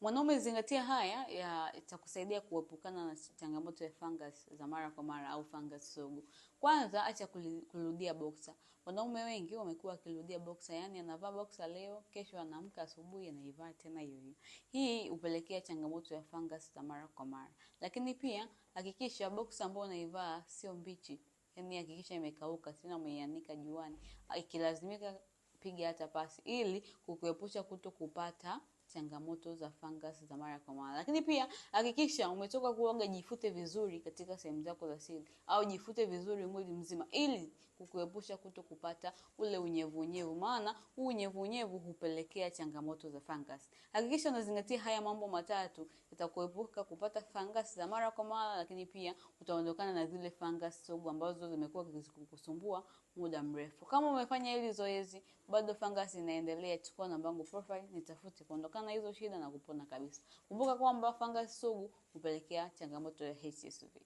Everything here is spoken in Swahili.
Mwanaume, zingatia haya, yatakusaidia kuepukana na changamoto ya fungus za mara kwa mara au fungus sugu. Kwanza, acha kurudia boksa. Wanaume wengi wamekuwa wakirudia boksa, yani anavaa boksa leo, kesho anaamka asubuhi anaivaa tena hiyo hiyo. Hii hupelekea changamoto ya fungus za mara kwa mara. Lakini pia hakikisha boksa ambayo unaivaa sio mbichi, yani hakikisha imekauka, sina umeianika juani. Ikilazimika piga hata pasi ili kukuepusha kuto kupata changamoto za fungus za mara kwa mara. Lakini pia hakikisha umetoka kuoga, jifute vizuri katika sehemu zako za siri au jifute vizuri mwili mzima, ili kukuepusha kuto kupata ule unyevu unyevu, maana huu unyevu hupelekea changamoto za fungus. Hakikisha unazingatia haya mambo matatu, itakuepuka kupata fungus za mara kwa mara, lakini pia utaondokana na zile fungus sugu ambazo zimekuwa zikikusumbua muda mrefu. Kama umefanya hili zoezi bado fungus inaendelea, chukua namba yangu profile, nitafute kuondokana hizo shida na kupona kabisa. Kumbuka kwamba fungus sugu hupelekea changamoto ya HSV.